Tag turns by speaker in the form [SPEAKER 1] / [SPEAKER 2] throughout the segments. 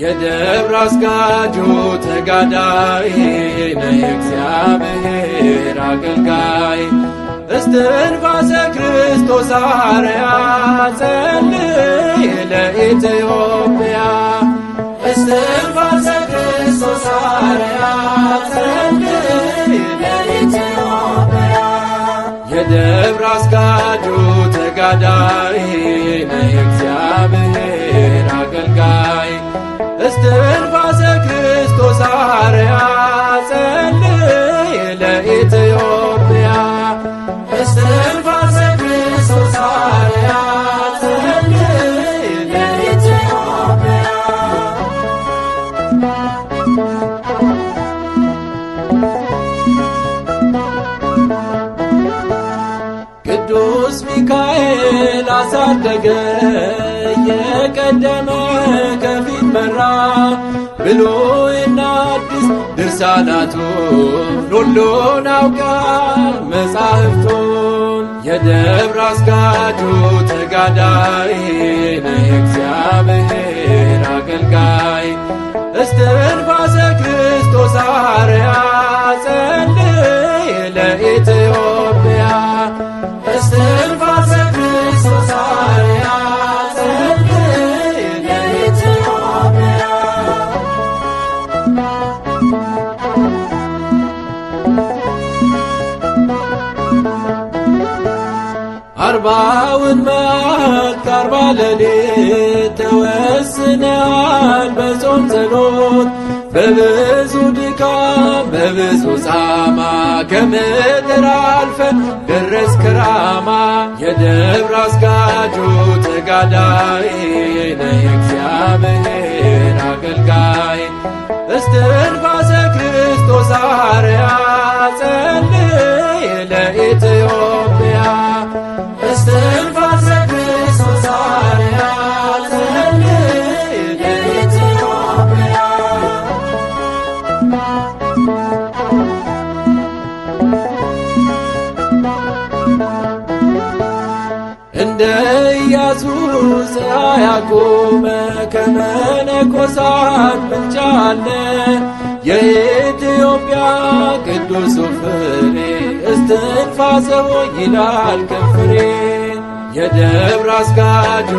[SPEAKER 1] የደብረ አስጋጁ ተጋዳይ ነህ እግዚአብሔር አገልጋይ እስትንፋሰ ክርስቶስ አርያ ጸልይ ለኢትዮጵያ
[SPEAKER 2] እስትንፋሰ ክርስቶስ አርያ ጸልይ ለኢትዮጵያ
[SPEAKER 1] የደብረ አስጋዱ ተጋዳይ ያደገ የቀደመ ከፊት መራ ብሉይና አዲስ ድርሳናቱን ሁሉን አውቃ መጻሕፍቱን የደብረ አስጋጁ ተጋዳይ የእግዚአብሔር አገልጋይ እስትንፋሰ ክርስቶስ አርያ አርባውን መዓልት አርባ ሌሊት ተወስነዋል በጾም ጸሎት በብዙ ድካም በብዙ ጻማ ከምድር አልፈን ደረስ ክራማ የደብረ አስጋጁ ተጋዳይ ነህ እግዚአብሔር አገልጋይ እንደ ኢያሱ ያቆመ ከመነኮሳት ብልጫ አለ። የኢትዮጵያ ቅዱስ ፍሬ እስትንፋሰው ይላል ከፍሬ የደብረ አስጋጁ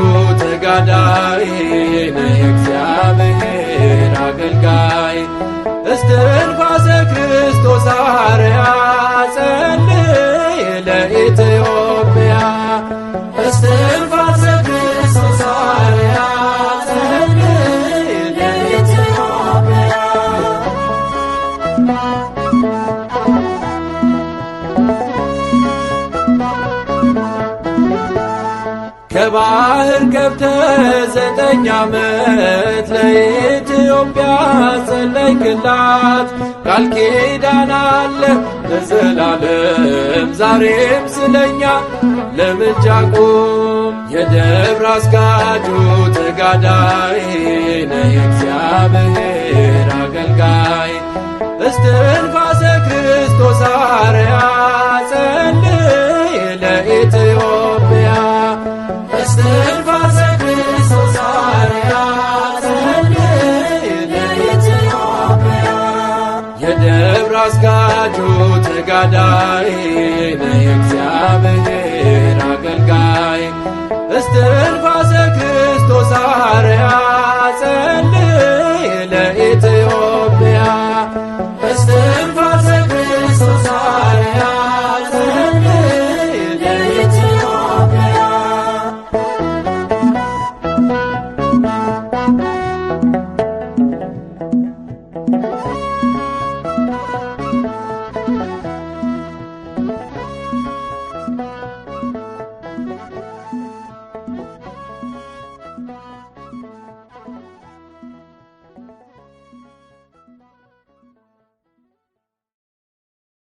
[SPEAKER 1] ተጋዳይ ባህር ገብተህ ዘጠኝ ዓመት ለኢትዮጵያ ጸለይክላት። ቃል ኪዳን አለ ለዘላለም ዛሬም ስለኛ ለምልጃ ቁም። የደብረ አስጋጁ ተጋዳይ ነይ እግዚአብሔር አገልጋይ እስትር ራስ ጋጁ ተጋዳይ የእግዚአብሔር አገልጋይ እስትንፋሰ ክርስቶስ አርያ ጸልይ ለኢትዮጵያ
[SPEAKER 2] እስትንፋሰ ክርስቶስ አርያ ጸልይ ለኢትዮጵያ